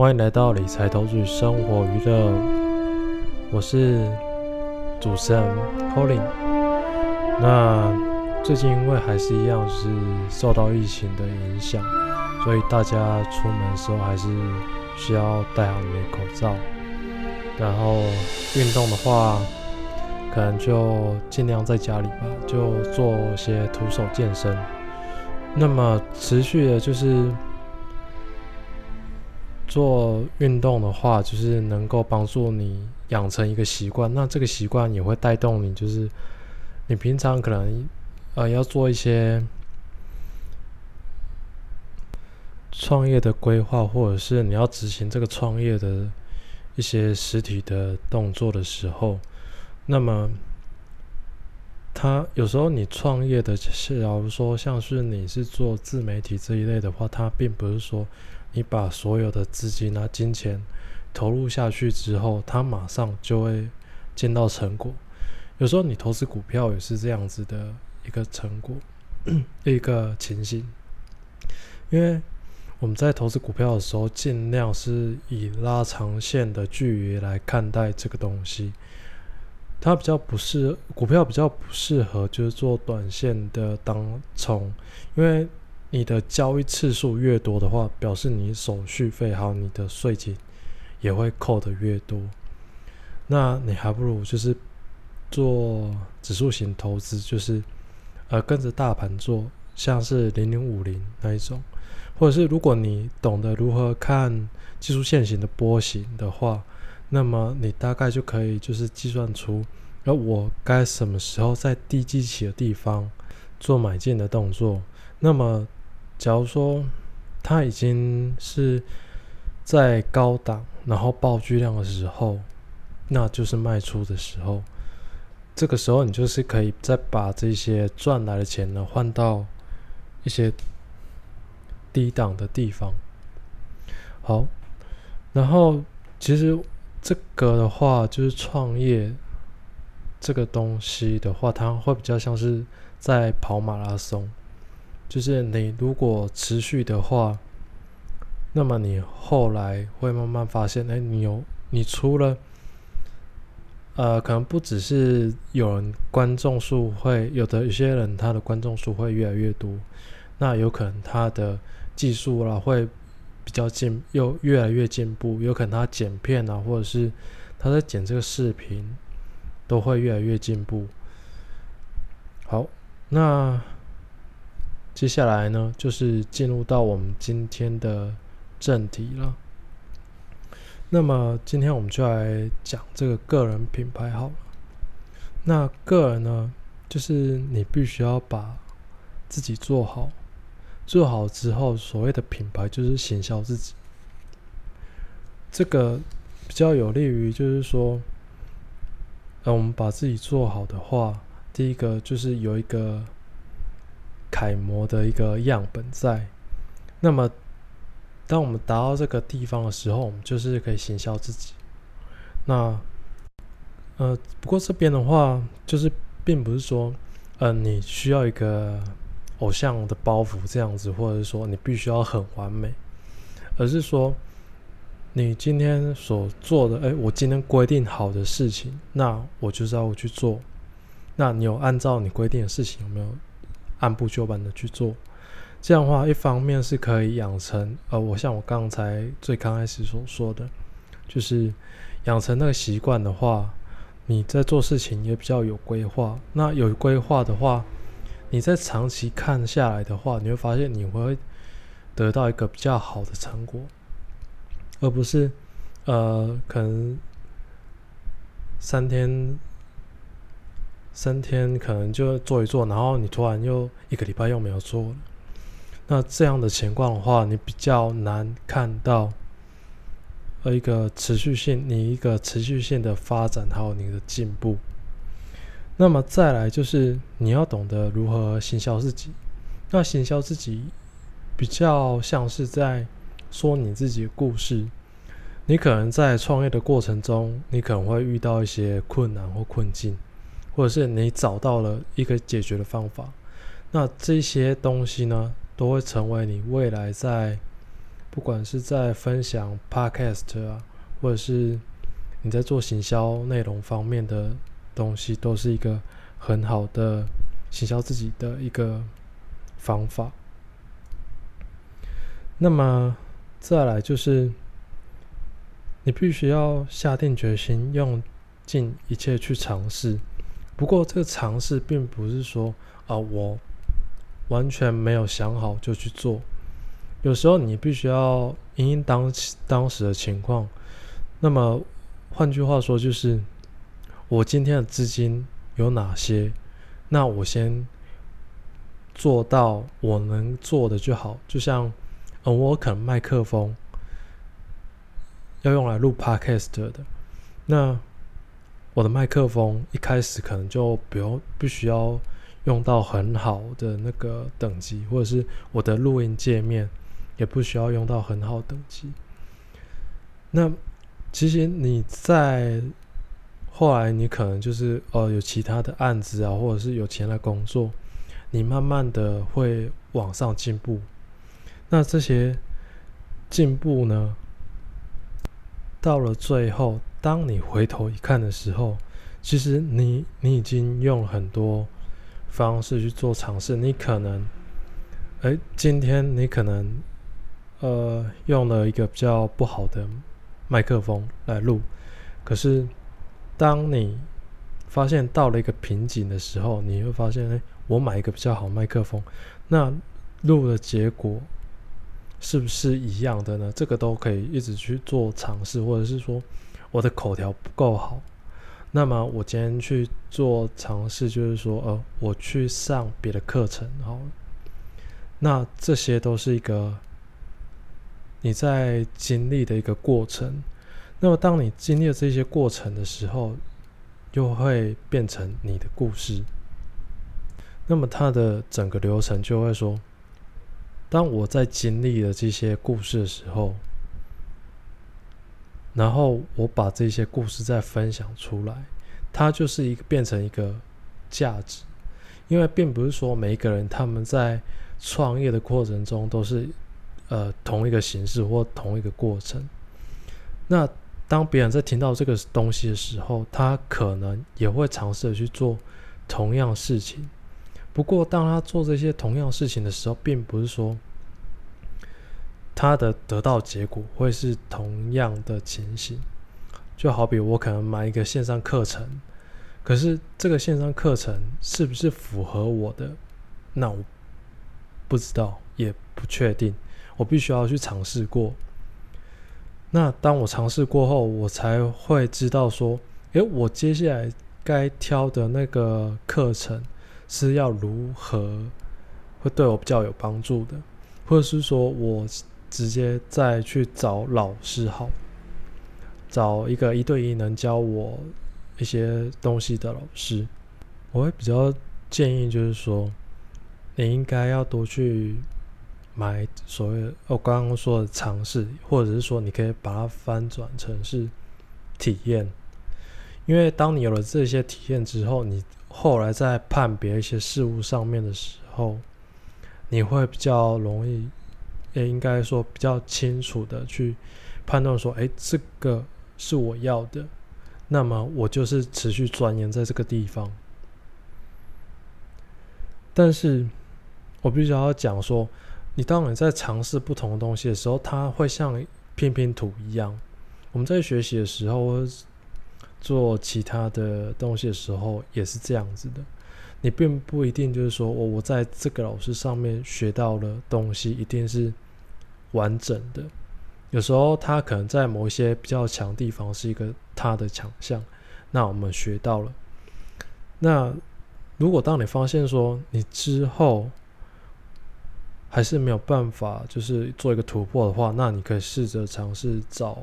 歡迎來到理財投資生活娛樂，我是主持人 Colin。那最近因為還是一樣，是受到疫情的影響，所以大家出門的時候還是需要戴好你的口罩。然後運動的話，可能就盡量在家裡吧，就做一些徒手健身。那麼持續的就是。做運動的話，就是能夠幫助你養成一個習慣。那這個習慣也會帶動你，就是你平常可能呃要做一些創業的規劃，或者是你要執行這個創業的一些實體的動作的時候，那麼它有時候你創業的是，假如說像是你是做自媒體這一類的話，它並不是說。你把所有的資金拿、啊、金錢投入下去之後，它馬上就會見到成果。有時候你投資股票也是這樣子的一個成果，一個情形。因為我們在投資股票的時候，儘量是以拉長線的距離來看待這個東西。它比較不適股票比較不適合就是做短線的當沖，因為。你的交易次數越多的話，表示你手續費還有你的稅金也會扣得越多。那你還不如就是做指數型投資，就是呃跟着大盤做，像是零零五零那一種，或者是如果你懂得如何看技術線型的波形的話，那麼你大概就可以就是計算出，呃我該什麼時候在低基期的地方做買進的動作，那麼。假如說它已經是在高檔，然後爆巨量的時候，那就是賣出的時候。這個時候，你就是可以再把這些賺來的錢呢，換到一些低檔的地方。好，然後其實這個的話，就是創業這個東西的話，它會比較像是在跑馬拉松。就是你如果持續的話，那麼你後來會慢慢發現，哎，你有，你出了，呃，可能不只是有人觀眾數會有的，有些人他的觀眾數會越來越多，那有可能他的技術啦會比較進，又越來越進步，有可能他剪片啊，或者是他在剪這個視頻，都會越來越進步。好，那。接下來呢，就是進入到我們今天的正題了。那麼今天我們就來講這個個人品牌好了。那個人呢，就是你必須要把自己做好，做好之後，所謂的品牌就是行銷自己。這個比較有利於，就是說，那、呃、我們把自己做好的話，第一個就是有一個。楷模的一個樣本在，那麼，當我們達到這個地方的時候，我們就是可以行銷自己。那，呃，不過這邊的話，就是並不是說，呃，你需要一個偶像的包袱這樣子，或者是說你必須要很完美，而是說，你今天所做的，哎、欸，我今天規定好的事情，那我就是要我去做。那你有按照你規定的事情有沒有？按部就班的去做，這樣的話，一方面是可以養成，呃，我像我剛才最剛開始所說的，就是養成那個習慣的話，你在做事情也比較有規劃。那有規劃的話，你在長期看下來的話，你會發現你會得到一個比較好的成果，而不是，呃，可能三天。三天可能就做一做，然後你突然又一個禮拜又沒有做了，那這樣的情況的話，你比較難看到，呃，一個持續性，你一個持續性的發展，還有你的進步。那麼再來就是你要懂得如何行銷自己。那行銷自己比較像是在說你自己的故事。你可能在創業的過程中，你可能會遇到一些困難或困境。或者是你找到了一個解決的方法，那這些東西呢，都會成為你未來在不管是在分享 Podcast 啊，或者是你在做行銷內容方面的東西，都是一個很好的行銷自己的一個方法。那麼再來就是，你必須要下定決心，用盡一切去嘗試。不過這個嘗試並不是說啊，我完全沒有想好就去做。有時候你必須要因應當當時的情況。那麼換句話說，就是我今天的資金有哪些，那我先做到我能做的就好。就像嗯我可能麥克風要用來錄 Podcast 的，那。我的麥克風一開始可能就不用，不需要用到很好的那個等級，或者是我的錄音界面也不需要用到很好的等級。那其實你在後來，你可能就是哦、呃，有其他的案子啊，或者是有錢來工作，你慢慢的會往上進步。那這些進步呢，到了最後。當你回頭一看的時候，其實你你已經用很多方式去做嘗試。你可能，哎，今天你可能，呃，用了一個比較不好的麥克風來錄，可是，當你發現到了一個瓶頸的時候，你會發現，哎，我買一個比較好麥克風，那錄的結果是不是一樣的呢？這個都可以一直去做嘗試，或者是說。我的口條不夠好，那麼我今天去做嘗試，就是說，呃，我去上別的課程好，然後那這些都是一個你在經歷的一個過程。那麼，當你經歷了這些過程的時候，又會變成你的故事。那麼，它的整個流程就會說，當我在經歷了這些故事的時候。然後我把這些故事再分享出來，它就是一個變成一個價值，因為並不是說每一個人他們在創業的過程中都是呃同一個形式或同一個過程。那當別人在聽到這個東西的時候，他可能也會嘗試的去做同樣事情。不過當他做這些同樣事情的時候，並不是說。他的得到的結果會是同樣的情形，就好比我可能買一個線上課程，可是這個線上課程是不是符合我的，那我不知道，也不確定。我必須要去嘗試過。那當我嘗試過後，我才會知道說，誒、欸，我接下來該挑的那個課程是要如何，會對我比較有幫助的，或者是說我。直接再去找老師好，找一個一對一能教我一些東西的老師，我會比較建議，就是說你應該要多去買所謂我剛剛說的嘗試，或者是說你可以把它翻轉成是體驗，因為當你有了這些體驗之後，你後來在判別一些事物上面的時候，你會比較容易。也應該說比較清楚的去判斷說，哎、欸，這個是我要的，那麼我就是持續鑽研在這個地方。但是，我必須要講說，你當你在嘗試不同的東西的時候，它會像拼拼圖一樣。我們在學習的時候，或做其他的東西的時候，也是這樣子的。你並不一定就是說我，哦，我在這個老師上面學到了東西一定是完整的。有時候他可能在某一些比較強地方是一個他的強項，那我們學到了。那如果當你發現說你之後還是沒有辦法就是做一個突破的話，那你可以試着嘗試找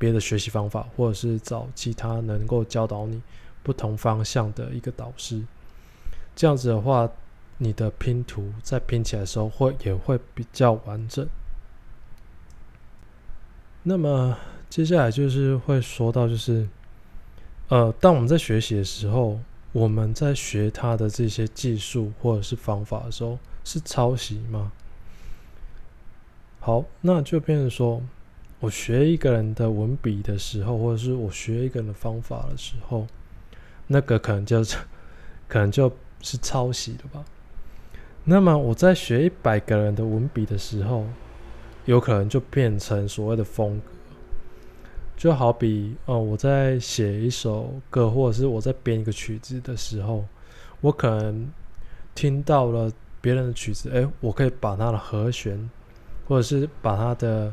別的學習方法，或者是找其他能夠教導你不同方向的一個導師。這樣子的話，你的拼圖在拼起來的時候會也會比較完整。那麼接下來就是會說到，就是，呃，當我們在學習的時候，我們在學他的這些技術或者是方法的時候，是抄襲嗎？好，那就變成說，我學一個人的文筆的時候，或者是我學一個人的方法的時候，那個可能就是，可能就。是抄襲的吧？那麼我在學一百個人的文筆的時候，有可能就變成所謂的風格，就好比哦、呃，我在寫一首歌，或者是我在編一個曲子的時候，我可能聽到了別人的曲子，哎、欸，我可以把它的和弦，或者是把它的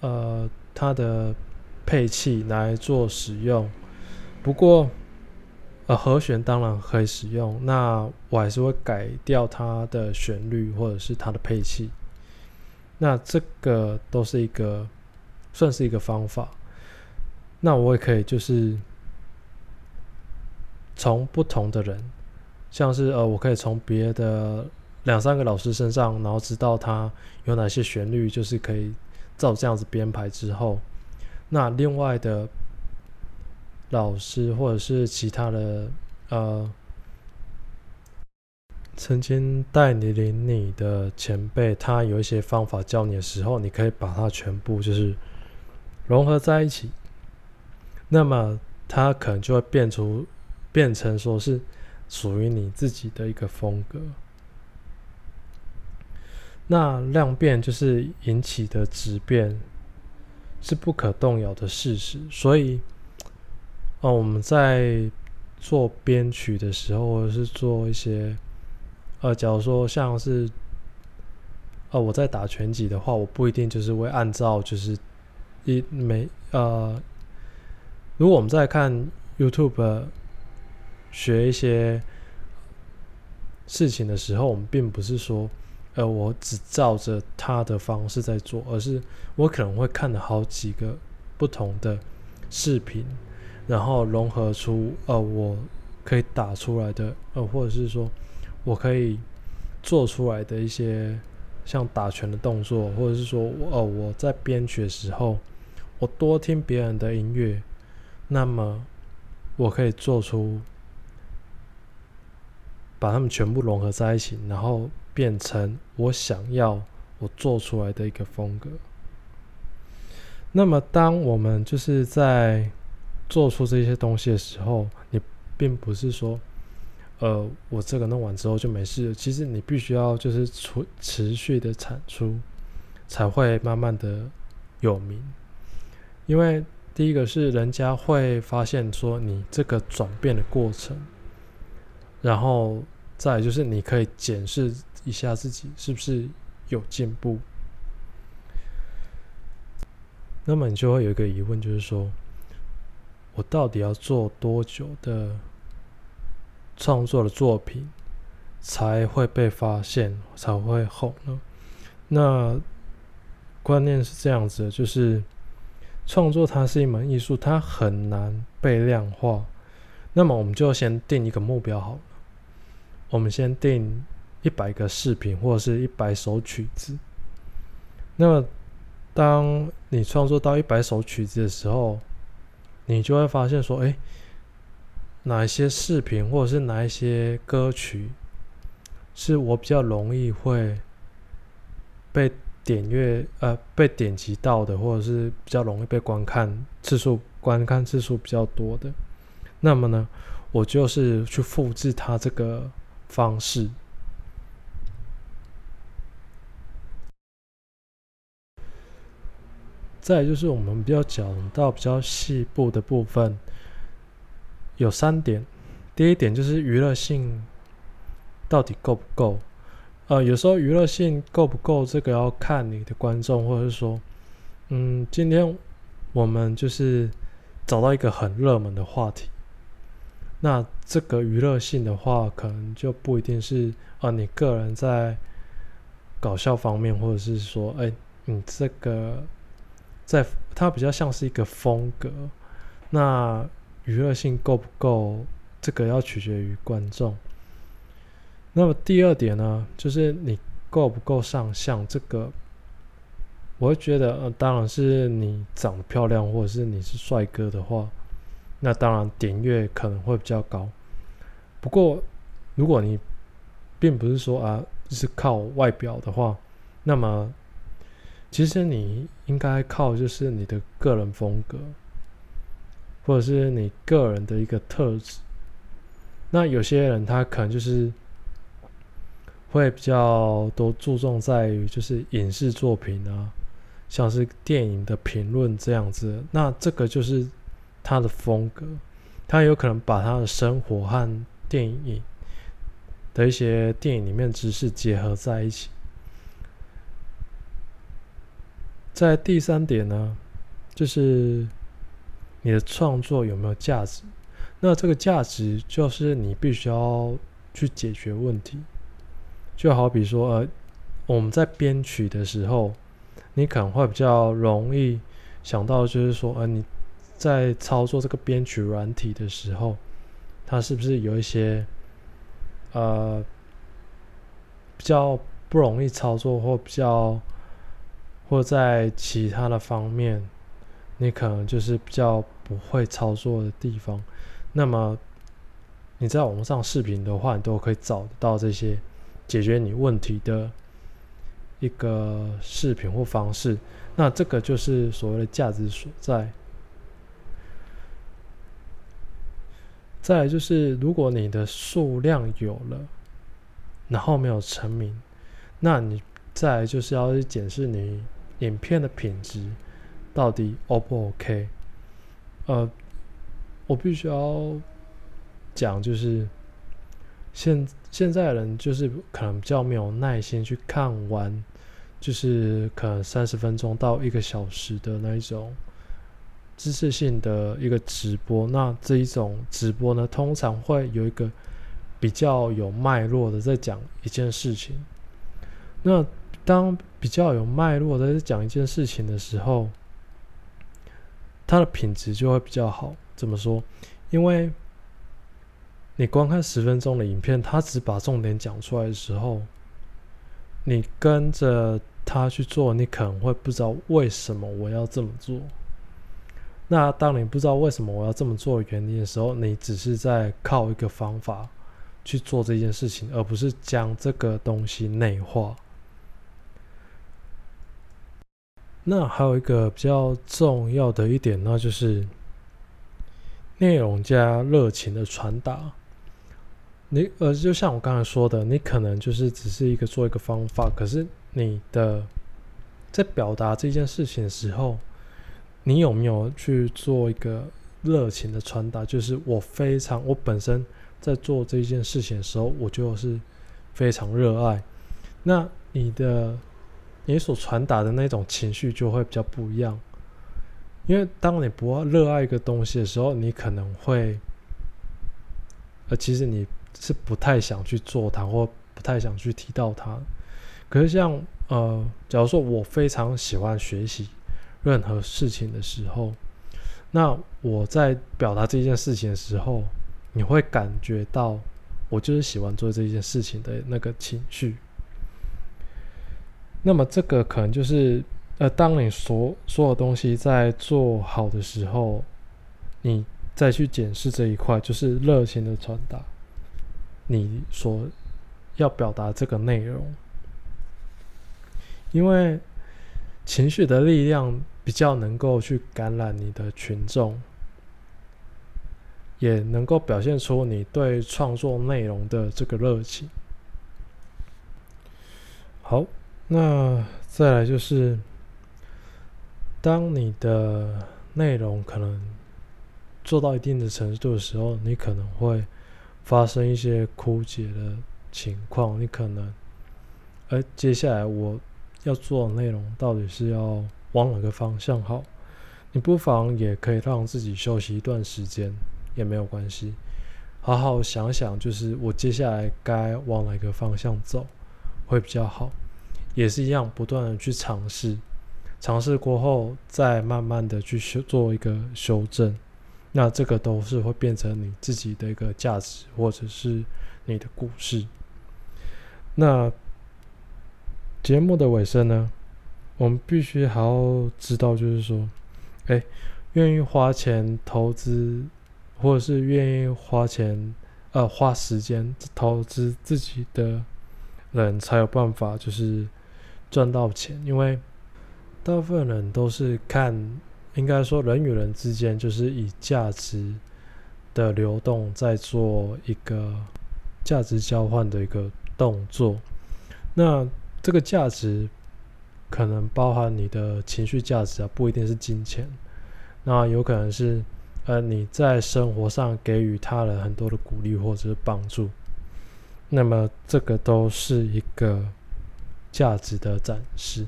呃它的配器來做使用，不過。呃，和弦當然可以使用，那我還是會改掉它的旋律或者是它的配器。那這個都是一個，算是一個方法。那我也可以就是從不同的人，像是呃，我可以從別的兩三個老師身上，然後知道他有哪些旋律，就是可以照這樣子編排之後，那另外的。老師，或者是其他的呃，曾經帶你領你的前輩，他有一些方法教你的時候，你可以把它全部就是融合在一起。那麼，它可能就會變出，變成說是屬於你自己的一個風格。那量變就是引起的質變，是不可動搖的事實，所以。那、呃、我們在做編曲的時候，或者是做一些，呃，假如說像是，呃，我在打拳擊的話，我不一定就是會按照就是一沒，呃，如果我們在看 YouTube，呃，學一些事情的時候，我們並不是說，呃，我只照着他的方式在做，而是我可能會看好幾個不同的視頻。然後融合出呃，我可以打出來的呃，或者是說我可以做出來的一些像打拳的動作，或者是說哦，呃，我在編曲的時候，我多聽別人的音樂，那麼我可以做出把它們全部融合在一起，然後變成我想要我做出來的一個風格。那麼，當我們就是在。做出這些東西的時候，你並不是說，呃，我這個弄完之後就沒事了。其實你必須要就是出持續的產出，才會慢慢的有名。因為第一個是人家會發現說你這個轉變的過程，然後再就是你可以檢視一下自己是不是有進步。那麼你就會有一個疑問，就是說。我到底要做多久的創作的作品才會被發現，才會紅呢？那觀念是這樣子的，就是創作它是一門藝術，它很難被量化。那麼我們就先定一個目標好了，我們先定一百個視頻或者是一百首曲子。那麼當你創作到一百首曲子的時候，你就會發現說，哎、欸，哪一些視頻或者是哪一些歌曲，是我比較容易會被點閱呃被點擊到的，或者是比較容易被觀看次數觀看次數比較多的，那麼呢，我就是去複製它這個方式。再就是我們比較講到比較細部的部分，有三點。第一點就是娛樂性到底夠不夠？呃，有時候娛樂性夠不夠，這個要看你的觀眾，或者是說，嗯，今天我們就是找到一個很熱門的話題，那這個娛樂性的話，可能就不一定是啊、呃，你個人在搞笑方面，或者是說，哎、欸，你這個。在它比較像是一個風格，那娛樂性夠不夠，這個要取決於觀眾。那麼第二點呢、啊，就是你夠不夠上相，這個我會覺得、呃，當然是你長得漂亮，或者是你是帥哥的話，那當然點閱可能會比較高。不過如果你並不是說啊，就是靠外表的話，那麼。其實你應該靠就是你的個人風格，或者是你個人的一個特質。那有些人他可能就是會比較多注重在於就是影視作品啊，像是電影的評論這樣子。那這個就是他的風格，他有可能把他的生活和電影的一些電影裡面知識結合在一起。在第三點呢，就是你的創作有沒有價值？那這個價值就是你必須要去解決問題。就好比說，呃，我們在編曲的時候，你可能會比較容易想到，就是說，呃，你在操作這個編曲軟體的時候，它是不是有一些，呃，比較不容易操作或比較。或在其他的方面，你可能就是比較不會操作的地方。那麼你在網上視頻的話，你都可以找得到這些解決你問題的一個視頻或方式。那這個就是所謂的價值所在。再來就是，如果你的數量有了，然後沒有成名，那你再來就是要去檢視你。影片的品質到底 O 不 OK？呃，我必須要講，就是現現在的人就是可能比較沒有耐心去看完，就是可能三十分鐘到一個小時的那一種知識性的一個直播。那這一種直播呢，通常會有一個比較有脈絡的在講一件事情。那當比較有脈絡的講一件事情的時候，它的品質就會比較好。怎麼說？因為你觀看十分鐘的影片，他只把重點講出來的時候，你跟着他去做，你可能會不知道為什麼我要這麼做。那當你不知道為什麼我要這麼做原因的時候，你只是在靠一個方法去做這件事情，而不是將這個東西內化。那還有一個比較重要的一點呢，那就是內容加熱情的傳達。你呃，而就像我剛才說的，你可能就是只是一個做一個方法，可是你的在表達這件事情的時候，你有沒有去做一個熱情的傳達？就是我非常，我本身在做這件事情的時候，我就是非常熱愛。那你的。你所傳達的那種情緒就會比較不一樣，因為當你不要熱愛一個東西的時候，你可能會，呃，其實你是不太想去做它，或不太想去提到它。可是像呃，假如說我非常喜歡學習任何事情的時候，那我在表達這件事情的時候，你會感覺到我就是喜歡做這件事情的那個情緒。那麼這個可能就是，呃，當你所所有東西在做好的時候，你再去檢視這一塊，就是熱情的傳達，你所要表達這個內容，因為情緒的力量比較能夠去感染你的群眾，也能夠表現出你對創作內容的這個熱情。好。那再來就是，當你的內容可能做到一定的程度的時候，你可能會發生一些枯竭的情況。你可能，而、欸、接下來我要做的內容，到底是要往哪個方向好？你不妨也可以讓自己休息一段時間，也沒有關係。好好想想，就是我接下來該往哪個方向走會比較好。也是一樣，不斷的去嘗試，嘗試過後再慢慢的去修，做一個修正，那這個都是會變成你自己的一個價值，或者是你的故事。那節目的尾聲呢，我們必須還要知道，就是說，哎、欸，願意花錢投資，或者是願意花錢，呃，花時間投資自己的人才有辦法，就是。賺到錢，因為大部分人都是看，應該說人與人之間就是以價值的流動在做一個價值交換的一個動作。那這個價值可能包含你的情緒價值啊，不一定是金錢。那有可能是，呃，你在生活上給予他人很多的鼓勵或者是幫助。那麼這個都是一個。價值的展示。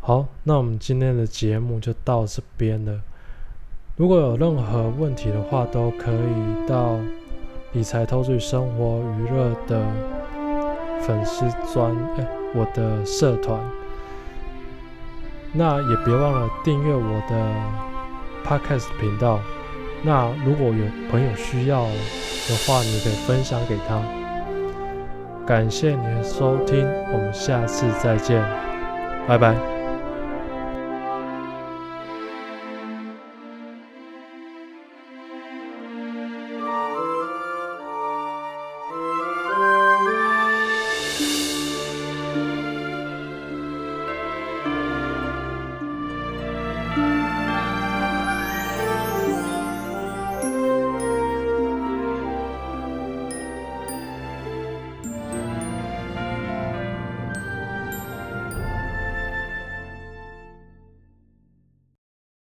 好，那我們今天的節目就到這邊了。如果有任何問題的話，都可以到理財、投資、生活、娛樂的粉絲專，哎、欸，我的社團。那也別忘了訂閱我的 Podcast 頻道。那如果有朋友需要的話，你可以分享給他。感謝你的收聽，我們下次再見，拜拜。